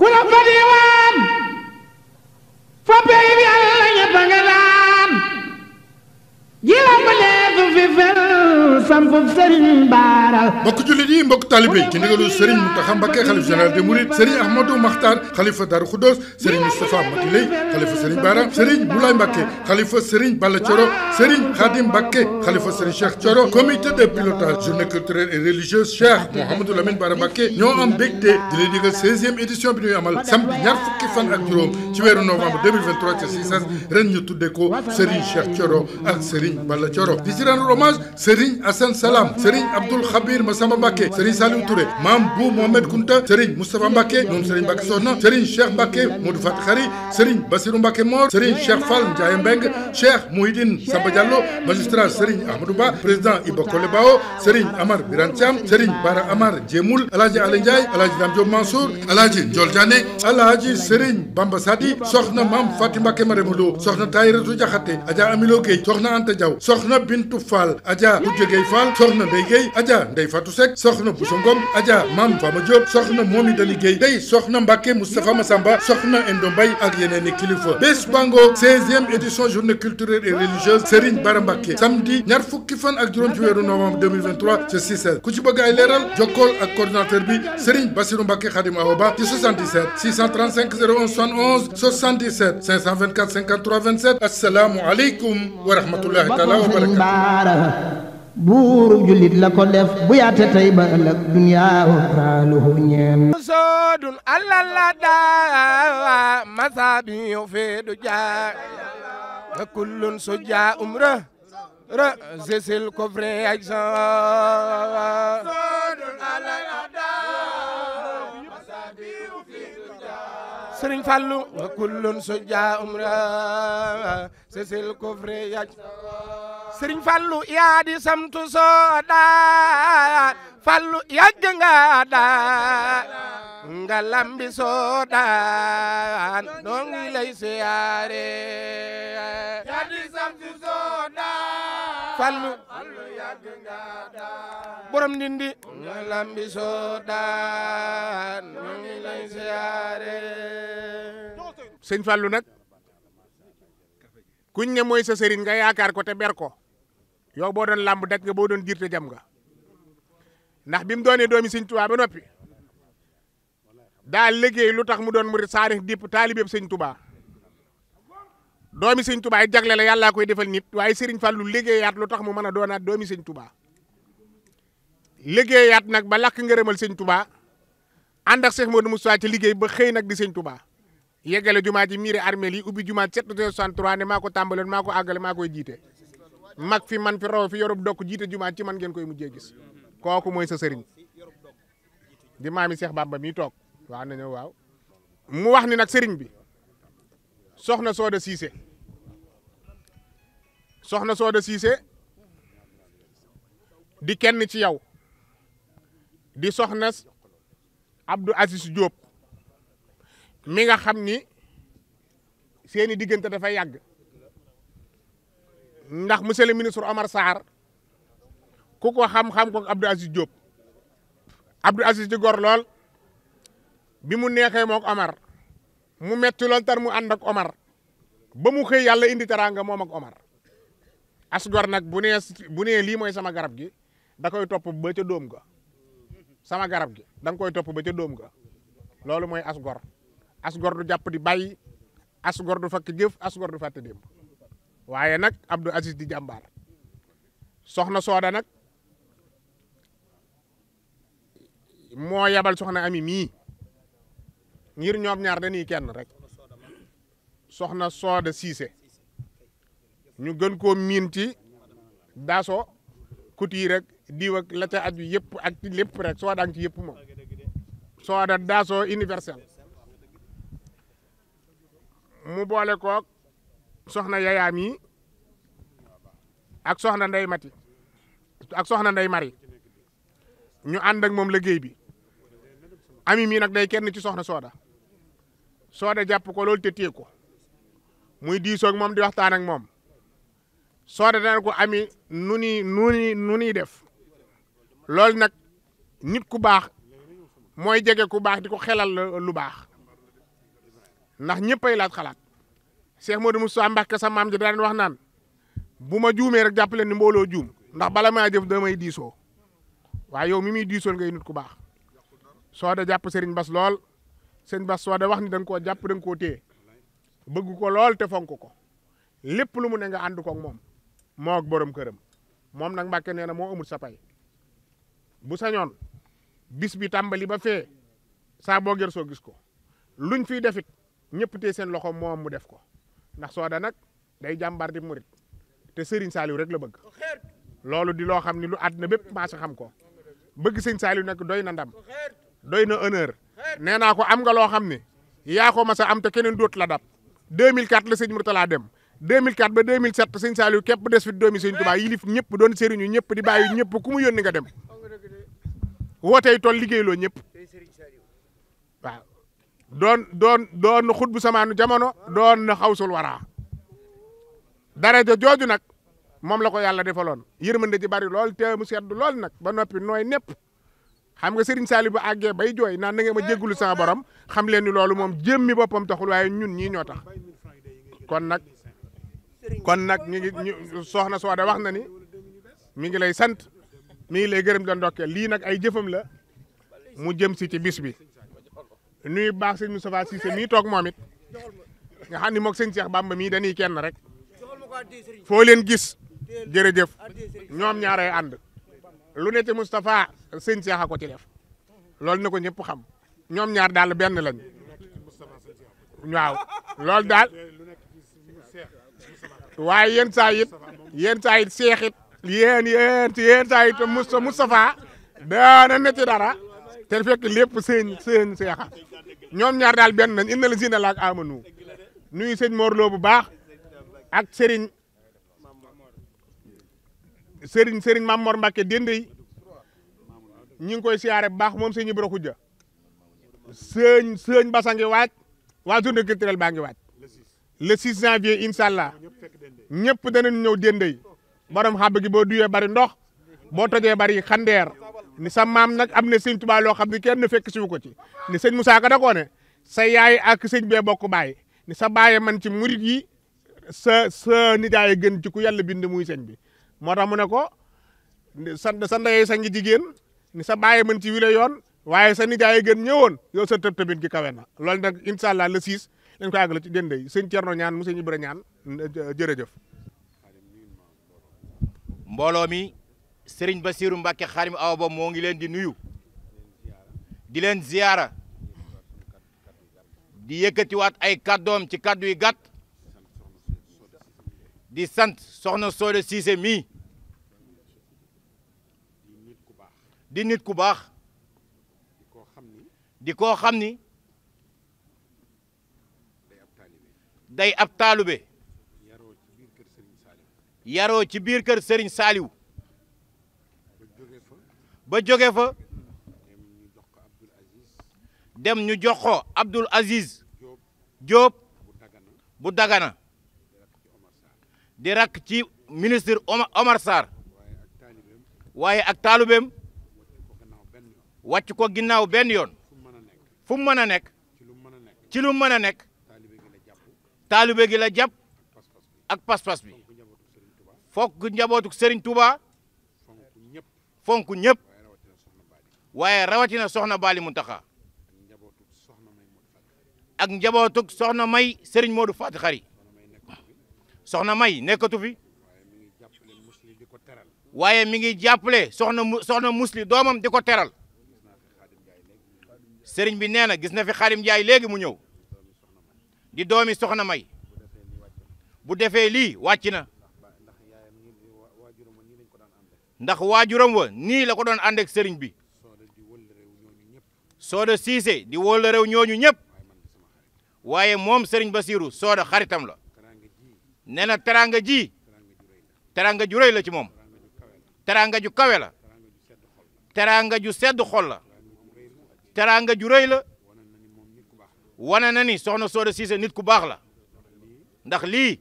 ku la sampu Serigne Bara. mbokk jullit yi mbokk taalibe yi ci ndigalu Serigne Mountakha Mbacké xalif général des Mourides Serigne Ahmadou Makhtar xalifa Darou Khoudoss Serigne Moustapha Mati Leye xalifa Serigne Bara Serigne Moulay Mbacké xalifa Serigne Balla Thioro Serigne Khadim Mbacké xalifa Serigne Cheikh Thioro comité de pilotage journée culturelle et religieuse Cheikh Mouhamadou Lamine Bara Mbacké ñoo am mbégte di leen digal 16e édition bi ñuy amal samedi ñaar fukki fan ak juróom ci weeru novembre 2023 ci Cissas ren ñu tuddee ko Serigne Cheikh Thioro ak Serigne Balla Thioro di ci rendre hommage Serigne Assane Salam Serigne Abdoul Khabir Massamba Mbacké Serigne Saliou Touré Mame Bou Mohamed Kounta Serigne Moustapha Mbacké moom Serigne Mbacké Soxna Serigne Cheikh Mbacké Modou Fat Khari Serigne Bassirou Mbacké Mor Serigne Cheikh Fall Ndiaye Mbeng Cheikh Mouhidine Samba Diallo magistrat Serigne Ahmadou Ba président Iba Kole Bao Serigne Amar Birane Thiam Bara Amar Djemoul Alhaji Alé Ndiaye Alhaji Dame Diop Mansour Alhaji Ndiol Diané Alhaji Serigne Soxna Mame Faty Mbacké Fall soxna Ndeye Guèye Adja Ndeye Fatou Seck soxna Bousso Ngom Adja Mame Fama Diop soxna Momi Dali Guèye day soxna Mbacke Moustapha Massamba soxna Endo Mbaye ak yeneen kilifa bés bango 16e édition journée culturelle et religieuse Serigne Bara Mbacke samedi ñaar fukki fan ak juróom ci weeru novembre 2023 ci 6 ku ci bëgg ay leeral jokkool ak coordinateur bi Serigne Bassirou Mbacke Khadim Awa Ba ci 77 635 01 71 77 524 53 27 asalaamualeykum wa rahmatullahi taala wa barakatu buuru jullit la ko def bu yaate tey ba ëllëg duniyaa raaluhu ñeen soodun allah soodun allah la daa masaabi yu fee du jaa sëriñ kullun su jaa umra zesil ko vrai sëriñ fallu yaa di samtu soo fallu yàgg nga daal nga lambi soo daal noo siyaare yaa samtu soo fallu fallu yàgg nga daal borom ndindi nga lambi soo daal noo siyaare sëriñ fallu nag kuñ ne mooy sa sëriñ nga yaakaar ko té ber ko yow boo doon làmb daj nga boo doon jiir te jam nga ndax bi mu doonee doomi sëñ tubaa ba noppi daa liggéey lu tax mu doon murit saarix dipp taalibeeb sëñ tubaa doomi sëñ tubaa yi jagle la yàllaa koy defal nit waaye sëriñ Fallu liggéeyaat lu tax mu mën a doonaat doomi sëñ tubaa liggéeyaat nag ba lakk ngërëmal sëñ tubaa ànd ak mo Modou Moustapha ci liggéey ba xëy nag di sëñ tubaa yeggale jumaa ji miir armeel yi ubbi jumaa 763 ne maa ko tàmbaloon maa ko àggale maa koy jiite mag fi man fi raw fi yorub dokk jiite jumaa ci man ngeen koy mujjee gis kooku mooy sa sëriñ di maami Cheikh Bamba mi toog waaw na mu wax ni nag sëriñ bi soxna Sooda Siise soxna Sooda Siise di kenn ci yow di soxna Abdou Aziz Diop mi nga xam ni seeni diggante dafay yàgg ndax monsieur le ministre Omar Sarr ku ko xam-xam ko Abdou Aziz Diop Abdou Aziz di gor lool bi mu neexee mook Omar mu metti lool tar mu ànd ak Omar ba mu xëy yàlla indi teraanga moom ak Omar asgor nag bu nee bu nee lii mooy sama garab gi da koy topp ba ca doom ga sama garab gi da nga koy topp ba ca dóom ga loolu mooy gor as gor du jàpp di bàyyi as gor du fakk jëf as du fàtte démb waaye nag Abdou Aziz di jàmbaar soxna Sooda nag moo yabal soxna Ami mii ngir ñoom ñaar dañuy kenn rek soxna Sooda Siise ñu gën koo miin ci daso kuti rek diw la ca aju yëpp ak ci rek Sooda ngi yëpp moom Sooda daso universel mu boole kook soxna yayaam yi ak soxna ndey mati ak soxna nday mari ñu ànd ak moom liggéey bi ami mii nag day kenn ci soxna sooda sooda jàpp ko loolu te téye ko muy diisoog moom di waxtaan ak moom sooda dana ko ami nu ni nu nu niy def loolu nag nit ku baax mooy jege ku baax di ko xelal lu baax ndax ñëppay laaj xalaat Cheikh mu Moustapha Mbacke sa maam ji daan wax naan bu ma juumee rek jàpp leen ni mbooloo juum ndax bala maa jëf damay diisoo waaye yow mi muy diisoon ngay nit ku baax soo de jàpp Serigne Bass lool Serigne Bass soo da wax ni da ko jàpp da nga koo téye ko lool te fonk ko lépp lu mu ne nga ànd kook moom moo ak borom këram moom nag Mbacke nee na moo amul sa pay bu sañoon bis bi tàmbali ba fee saa boo gër soo gis ko luñ fiy defit ñëpp te seen loxo moom mu def ko ndax Soda nag day jàmbaar di murit te seriñ Saliou rek la bëgg loolu di loo xam ni lu àddina bépp maa xam ko bëgg sëñ Saliou nag doy na ndam doy na honneur nee naa ko am nga loo xam ne yaa ko mas a am te keneen doot la dab 2004 la sëñ Mourtala dem 2004 ba 2007 sëñ Saliou képp des fi doomi sëñ Tuubaa yilif ñëpp doon sëriñu ñëpp di bàyyi ñëpp ku mu yónni nga dem wootey tool liggéeyloo ñëpp doon doon doon na bu samaanu jamono doon na xawsul waraa dara jooju nag moom la ko yàlla defaloon yërmande ji bari lool te mu sedd lool nag ba noppi nooy nepp xam nga sëriñ Saliou bu àggee bay jooy naan na ngeen ma jéggulu sama borom xam leen ni loolu moom jëmmi boppam taxul waaye ñun ñii ñoo tax kon nag kon nag ñu ngi soxna Sooda wax na ni mu ngi lay sant mi ngi lay gërëm di la lii nag ay jëfam la mu jëm si ci bis bi nuyu baax sëñ Moustapha Cissé mii toog moom it nga xam ne moog sëñ Cheikh Bamba dañuy kenn rek foo leen gis jërëjëf ñoom ñaaray ànd lu ne ci Moustapha sëñ Cheikh a ko ci def na ko ñëpp xam ñoom ñaar daal benn lañ waaw loolu daal waaye yenn saa it yenn saa it Cheikh it yéen yéen ne ci dara. te fekk lépp seen seen seexa ñoom ñaar daal benn nañ inna la zina laak amanu nuyu sëñ Morlo bu baax ak sëriñ sëriñ Serigne Mamor Mbacke dende yi ñu ngi koy siyaare bu baax moom sëñ Ibra Khoudia sëñ sëñ Basa ngi waaj waa journée culturelle baa waaj le 6 janvier incha allah ñëpp danañ ñëw dende yi borom gi boo duyee bari ndox boo tojee bari xandeer ni sa maam nag am na sëñ Tuubaa loo xam ne kenn fekk siwu ko ci ni sëñ mu Ka da koo ne sa yaay ak sëñ bee bokk baay ni sa baaye man ci murit yi sa sa nijaay gën ci ku yàlla bind muy sëñ bi moo mu ne ko sa sa ndeyee sa ngi jigéen ni sa baaye man ci wile yoon waaye sa nijaay gën ñëwoon yow sa tëb tëbin gi kawe na loolu nag incha allah le 6 dañ la àggale ci dende yi sëñ Thierno ñaan mu sëñ Ibra ñaan jërëjëf. mbooloo mi. sëriñ Basiiru Mbàkke xaarim awa ba moo ngi leen di nuyu di leen ziyaara di yëkkatiwaat ay kàddoom ci kàddu yi gàtt di sant soxna Sooda Siise mii di nit ku baax di koo xam ni day ab taalube yaroo ci biir kër sëriñ Saaliw ba jóge fa dem ñu jox ko Abdoul Aziz Diop bu Dagana di rakk ci ministre Omar Sarr waaye ak taalubeem wàcc ko ginnaaw benn yoon fu mu mën a nekk ci lu mën a nekk taalibe gi la jàpp ak pas-pas bi fokk njabootu Serigne Touba fonk ñëpp waaye rawatina soxna Baali mu Muntaxa ak njabootug soxna May sëriñ Modou Faty Khary soxna May nekkatu fi waaye mi ngi jàppale soxna soxna musli doomam di ko teral sëriñ bi nee na gis na fi Xaadim Njaay léegi mu ñëw di doomi soxna May bu defee lii wàcc na ndax waajuram wa nii la ko doon ànd ak sëriñ bi Soda Cissé di wóola réew ñooñu ñëpp waaye moom Serigne Bassirou Soda xaritam la nee na teranga ji teranga ju rëy la ci moom teranga ju kawe la teranga ju sedd xol la teranga ju rëy la wane na ni soxna Soda Cissé nit ku baax la ndax lii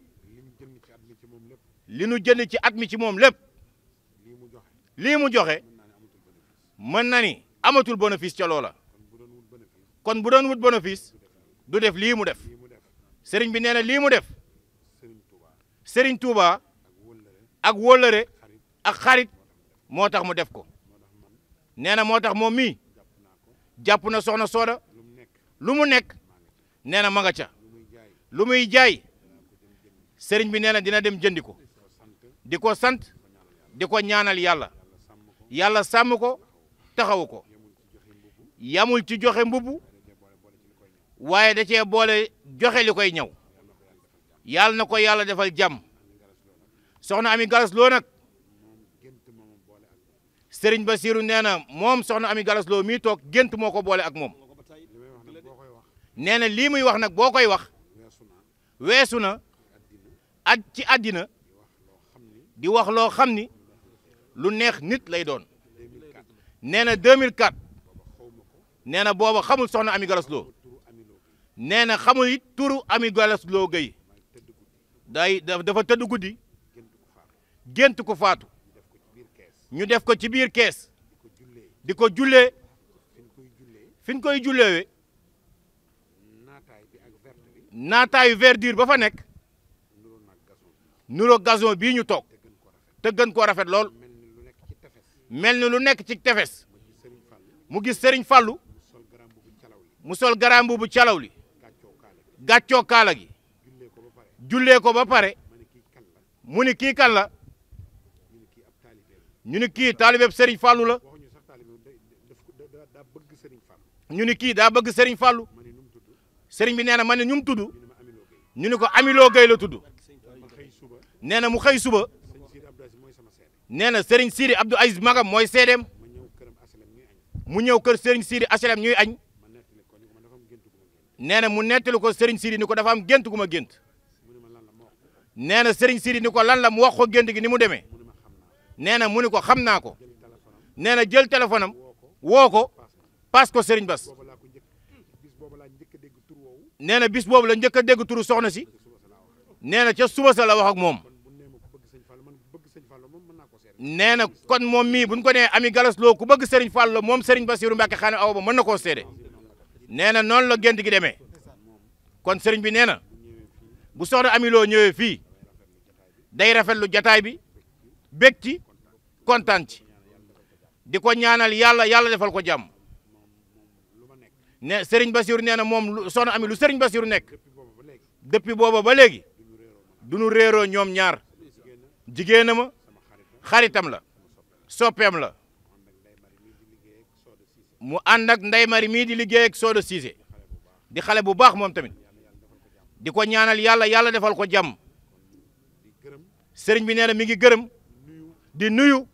li nu jënd ci at mi ci moom lépp lii mu joxe mën na ni amatul bénéfice ca loola kon bu doon wut bénéfice du def lii mu def sëriñ bi nee na lii mu def sëriñ tuuba ak wóllëre ak xarit moo tax mu def ko nee na moo tax moom mii jàpp na soxna Sooda lu mu nekk nee na ma nga ca lu muy jaay sëriñ bi nee na dina dem jëndi ko di ko sant di ko ñaanal yàlla yàlla sàmm ko taxaw ko yamul ci joxe mbubu waaye da cee boole joxe li koy ñaw yàlla na ko yàlla defal jàmm soxna Ami Galas loo nag Serigne Bassirou nee na moom soxna Ami Galas loo mii toog gént moo ko boole ak moom nee na lii muy wax nag boo koy wax weesu na at ci àddina di wax loo xam ni lu neex nit lay doon nee na 2004 nee na booba xamul soxna Ami Galas Lo nee na xamul it turu Ami Galas Loo Gueye day dafa tëdd guddi gént ko faatu ñu def ko ci biir kees di ko jullee fi ñu koy julleewee naataayu verdure ba fa nekk nuro gazon bii ñu toog te gën koo rafet lool mel ni lu nekk ci tefes mu gis Serigne Fallou mu sol garambu bu calaw li gàccoo kaala gi jullee ko ba pare mu ni kii kan la ñu ni kii taalibeeb Serigne Fallou la ñu ni kii daa bëgg Serigne Fallou Serigne bi nee na ma ne ñu mu tudd ñu ni ko amiloo gay la tudd nee na mu xëy suba nee na Serigne Sidi Abdou Aziz Magam mooy seedeem mu ñëw kër Serigne Sidi Aslem ñuy añ nee na mu nettali ko seriñ Siri ni ko dafa am gént gu ma gént nee na Serigne Siri ni ko lan la mu wax ko gént gi ni mu demee nee na mu ni ko xam naa ko nee na jël téléphone am woo ko paas ko Serigne Bass nee na bis boobu la njëkk a dégg turu soxna si nee na ca suba sa la wax ak moom nee na kon moom mii bu ñu ko nee ami galas loo ku bëgg Serigne Fall la moom Serigne Bassirou Mbacke xaane aw ba mën na koo seede nee na noonu la gént gi demee kon sëriñ bi nee na bu soxna amiloo ñëwee fii day rafetlu jataay bi bég ci kontaan di ko ñaanal yàlla yàlla defal ko jàmm ne sëriñ Basiru nee na moom son ami lu sëriñ Basiru nekk depuis booba ba léegi du ñu réeroo ñoom ñaar jigéena xaritam la soppeem la mu ànd ak Ndeye Marie mii di liggéey ak Soda Cissé di xale bu baax moom tamit di ko ñaanal yàlla yàlla defal ko jàmm sëriñ bi nee na mi ngi gërëm di nuyu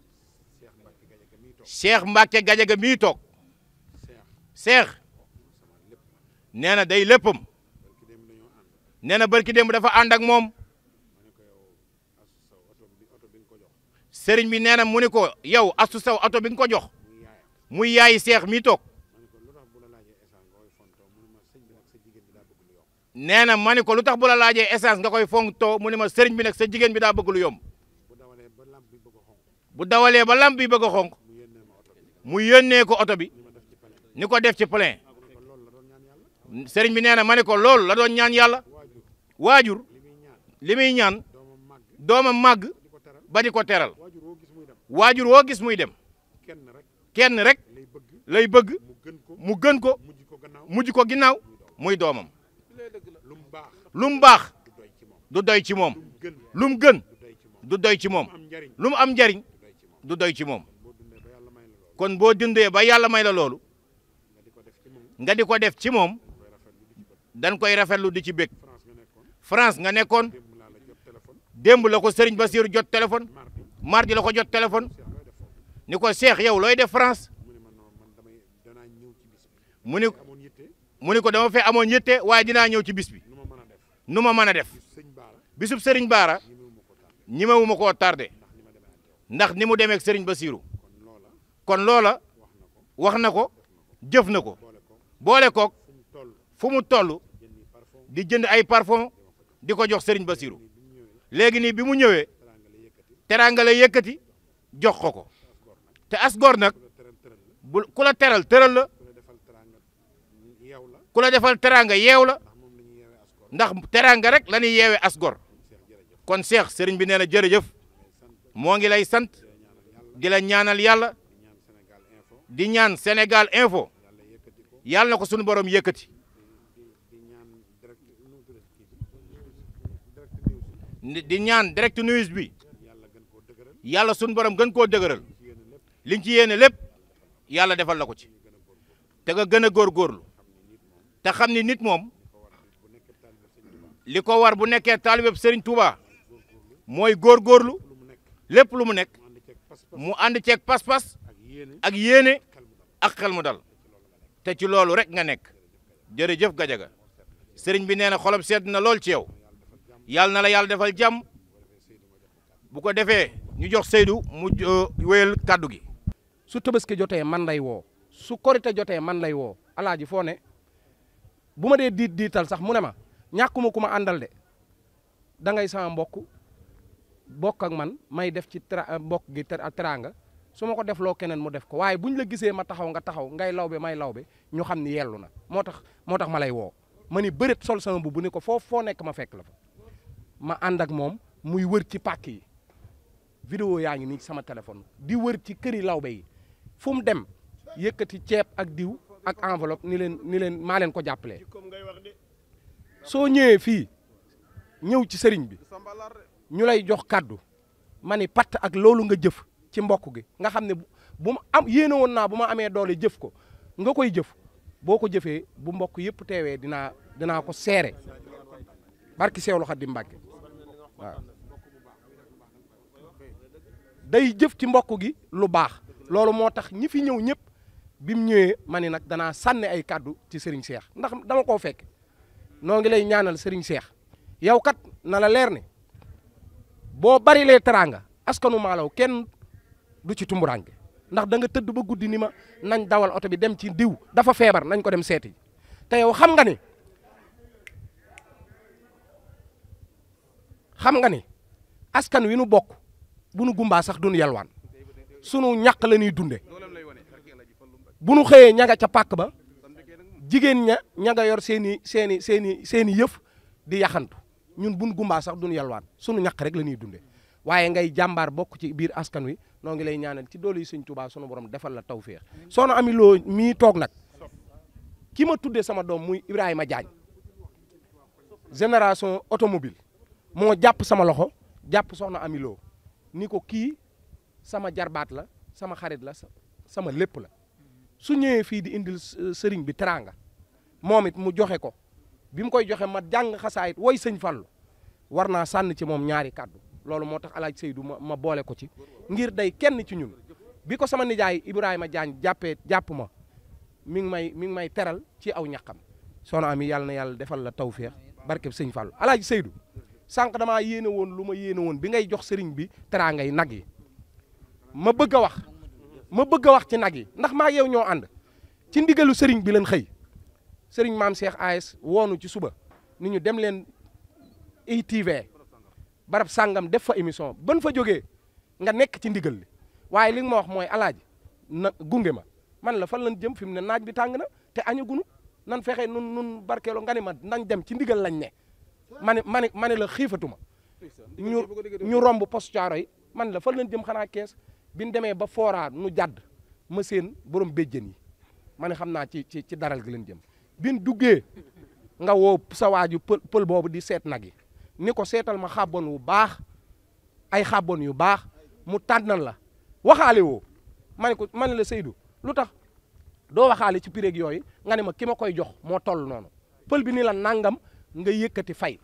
Cheikh Mbacke Gadiaga mii toog seex nee na day léppam nee na barki démb dafa ànd ak moom sëriñ bi nee na mu ni ko yow astu sew oto bi nga ko jox muy yaay seex mi toog nee na ma ne ko lu tax bu la laajee essence nga koy fontoo mu ne ma sëriñ bi nag sa jigéen bi daa bëgg lu yomb bu dawalee ba lamp bi bëgg a xonq mu yónnee ko oto bi ni ko def ci plein sëriñ bi nee na ma ne ko loolu la doon ñaan yàlla waajur li muy ñaan doomam màgg ba di ko teral waajur woo gis muy dem kenn rek lay bëgg mu gën ko mujj ko ginnaaw muy doomam lu mu baax du doy ci moom lu mu gën du doy ci moom lu mu am njariñ du doy ci moom kon boo dundee ba yàlla may la loolu nga di ko def ci moom dañ koy rafetlu di ci bég France nga nekkoon démb la ko Serigne Bassirou jot téléphone mardi la ko jot téléphone ni ko Cheikh yow looy def France mu ni mu ni ko dama fee amoon yëtte waaye dinaa ñëw ci bis bi nu ma mën a def bisub Serigne Baara ñemewuma koo tardé ndax ni mu demee ak Serigne Bassirou kon loola wax na ko jëf na ko boole kook fu mu toll di jënd ay parfum di ko jox Serigne Bassirou léegi nii bi mu ñëwee teraanga la yëkkati jox ko ko te asgor góor nag bu ku la teral teral la ku la defal teraanga yeew la ndax teraanga rek la ñuy yeewee as góor kon Cheikh sëriñ bi nee na jërëjëf moo ngi lay sant di la ñaanal yàlla di ñaan Sénégal info yàlla na ko suñu borom yëkkati di ñaan direct news bi yàlla suñu borom gën koo dëgëral. liñ ci yéene lépp yàlla defal la ko ci te nga gën a góorlu te xam ni nit moom li ko war bu nekkee taalibeb sëriñ Touba mooy góorgóorlu lépp lu mu nekk mu ànd ceeg pas-pas ak yéene ak xel mu dal te ci loolu rek nga nekk jërëjëf Gajaga sëriñ bi nee na xolam sedd na lool ci yow yàlla na la yàlla defal jàmm bu ko defee ñu jox Seydou mu euh, wéyal kàddu gi su tabaski jotee man lay woo su korite jotee man lay woo alaaji foo ne bu ma dee diit diital sax mu ne ma ñàkkuma ku ma àndal de da ngay sama mbokk bokk ak man may def ci tra eh, mbokk gi teraanga su ma ko def loo keneen mu def ko waaye bu ñu la gisee ma taxaw nga taxaw ngay lawbe may lawbe ñu xam ni yellu na moo tax moo tax ma lay woo ma ni bëreet sol sama bu bu ne ko foofu foo nekk ma fekk la fa ma ànd ak moom muy wër ci pàkk yi vidéo yaa ngi ni sama téléphone di wër ci këri lawbe yi fu mu dem yëkkati ceeb ak diw ak enveloppe ni leen ni leen maa leen ko jàppale soo ñëwee fii ñëw ci sëriñ bi ñu lay jox kàddu ma ni patt ak loolu nga jëf ci mbokk gi nga xam ne bu am yéene woon naa bu ma amee doole jëf ko nga koy jëf boo ko jëfee bu mbokk yëpp teewee dinaa dinaa ko seere barki Seexul Xaadim Mbàkke waaw day jëf ci mbokk gi lu baax loolu moo tax ñi fi ñëw ñëpp bi mu ñëwee ma ne nag danaa sànni ay kàddu ci sëriñ seex ndax dama koo fekk noo ngi lay ñaanal sëriñ seex yow kat na la leer ne boo bari lee teraanga askanu maalaw kenn du ci tumburange ndax danga tëdd ba guddi ni ma nañ dawal oto bi dem ci diw dafa feebar nañ ko dem seeti te yow xam nga ni xam nga ni askan wi nu bokk bu nu gumbaa sax duñu yalwaan sunu ñàq la ñuy dunde bu nu xëyee ña ca pàkk ba jigéen ña ña nga yor seeni seeni seen i seen i yëf di yaxantu ñun buñ gumbaa sax duñu yalwaan sunu ñàq rek la ñuy dunde waaye ngay jàmbaar bokk ci biir askan wi noo ngi lay ñaanal ci doole yi sëñ Tuubaa sunu borom defal la tawféex Soxna Amy Lo mii toog nag ki ma tuddee sama doom muy Ibrahima Diagne génération automobile moo jàpp sama loxo jàpp Soxna Amy Lo ni ko kii sama jarbaat la sama xarit la sama lépp la su ñëwee fii di indil euh, sëriñ bi teraanga moom it mu joxe ko bi mu koy joxe ma jàng xasaayit woy sëñ Fallu war naa sànn ci moom ñaari kàddu loolu moo tax alaaj Seydou ma ma boole ko ci ngir day kenn ci ñun bi ko sama nijaay Ibrahima Diagne jàppee jàpp ma mi ngi may mi ngi may teral ci aw ñaqam soxna Ami yàlla na yàlla defal la tawféex barkeb sëñ Fallu alaaj Seydou sànq damaa yéene woon lu ma yéene woon bi ngay jox sëriñ bi teraangay nag yi ma bëgg a wax ma bëgg a wax ci nag yi ndax ma yow ñoo ànd ci ndigalu sëriñ bi leen xëy sëriñ maam Cheikh AS woonu ci suba ni ñu dem leen ITV barab sàngam def fa émission ban fa jóge nga nekk ci ndigal li waaye li ma wax mooy alaaji na gunge ma man la fan lan jëm fi mu ne naaj bi tàng na te añu gunu nan fexe nun nun barkeelo nga ni ma nañ dem ci ndigal lañ ne ma ne ma ne ma ne la xiifatuma ñu romb post caaro yi man la fan lan jëm xanaa kees bi demee ba fooraa nu jàdd ma séen borom béjjën yi ma ne xam naa ci ci ci daral gi leen jëm bin duggee nga woo sa waaju pël boobu di seet nag yi ni ko seetal ma xàbboon wu baax ay xàbboon yu baax mu tànnal la waxaale woo ma ne ko ma la Seydou lu tax doo waxaale ci pireeg yooyu nga ne ma ki ma koy jox moo toll noonu pël bi ni la nangam nga yëkkati fay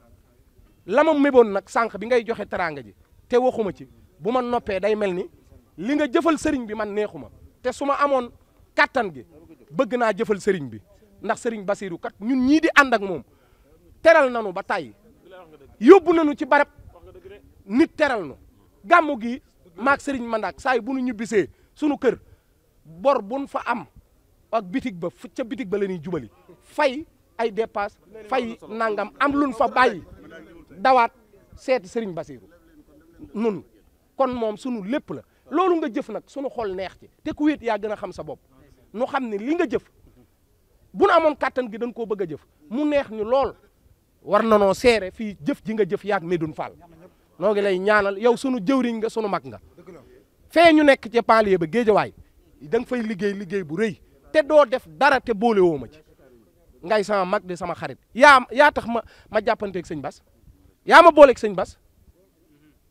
la ma méboon nag sànq bi ngay joxe teraanga ji te waxuma ci bu ma noppee day mel ni li nga jëfal sëriñ bi man neexu ma te su ma amoon kattan gi bëgg naa jëfal sëriñ bi ndax sëriñ Basiiru kat ñun ñii di ànd ak moom teral nanu ba tàyyi yóbbu nanu ci barab nit teral nu gàmmu gi maag sëriñ Mandak saa yi bu nu ñibbisee sunu kër bor bun fa am ak bitig ba fu ca bitig ba la ñuy jubali fay ay dépasse fay nangam am luñ fa bàyyi dawaat seeti sëriñ Basiiru nun kon moom sunu lépp la loolu nga jëf nag sunu xol neex ci te ku wéet yaa gën a xam sa bopp nu xam ne li nga jëf bu nu amoon kàttan gi dañ koo bëgg a jëf mu neex ñu lool war na noo seere fii jëf ji nga jëf yaag Medoune Fall noo ngi lay ñaanal yow sunu jëwriñ nga sunu mag nga fee ñu nekk ca palier ba géejawaay da nga fay liggéey liggéey bu rëy te doo def dara te boole woo ma ci ngay sama mag di sama xarit yaa yaa tax ma ma jàppanteeg sëñ Bas yaa ma booleeg sëñ Bas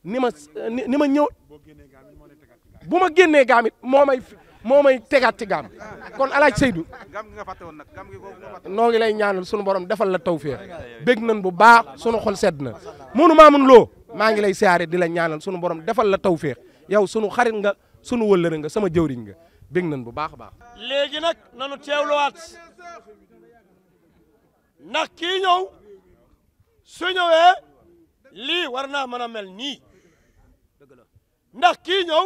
ni ma ni ma ñëw bu ma génnee gaam it moo may moo may tegaat ci gaam kon alaaj Seydou noo ngi lay ñaanal sunu borom defal la tawféex bég nañ bu baax sunu xol sedd na munu maamun loo maa ngi lay siyaare di la ñaanal sunu borom defal la tawfeex yow sunu xarit nga sunu wëllëre nga sama jëwriñ nga bég nañ bu baax a baax. léegi nag nanu teewluwaat ndax kii ñëw su ñëwee lii war naa mën a mel nii ndax kii ñëw.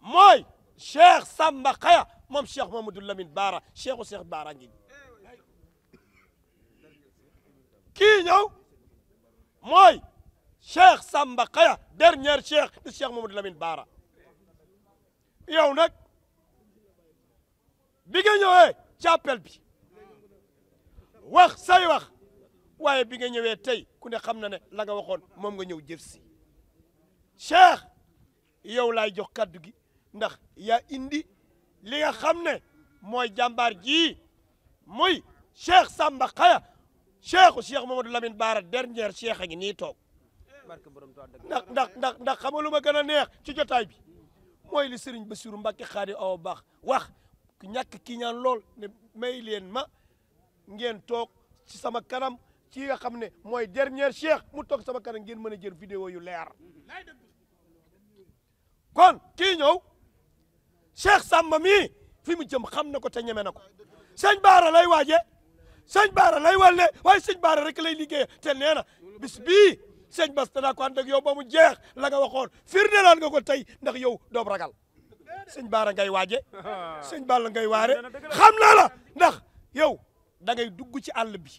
mooy cheikh Samba Khaya moom cheikh Mamadou Lamine Baara cheikhu cheikh Baara ngi kii ñëw mooy cheikh Samba Khaya dernier cheikh di cheikh Mamadou Lamine Baara yow nag bi nga ñëwee ci bi wax say wax waaye bi nga ñëwee tey ku ne xam na ne la nga waxoon moom nga ñëw jëf si cheikh yow laay jox kaddu gi ndax yaa indi li nga xam ne mooy jàmbaar ji muy cheikh Samba Khaya cheikhu cheikh Mamadou Lamine Baara dernier cheikh a ngi nii toog ndax ndax ndax ndax xamal lu ma gën a neex ci jotaay bi mooy li Serigne Bassirou Mbacké Khady Awa Baax wax ñàkk ki ñaan lool ne may leen ma ngeen toog ci sama kanam ci nga xam ne mooy dernier cheikh mu toog sama kanam ngeen mën a jël vidéo yu leer kon kii ñëw Cheikh Samba mi fi mu jëm xam na ko te ñeme na ko sëñ Baara lay waaje sëñ Baara lay walle waaye sëñ Baara rek lay liggéey te nee na bis bii sëñ Bass danaa ko ànd ak yow ba mu jeex la nga waxoon firnde laan nga ko tey ndax yow doob ragal sëñ Baara ngay waaje sëñ Baara ngay waare xam naa la ndax yow da ngay dugg ci àll bi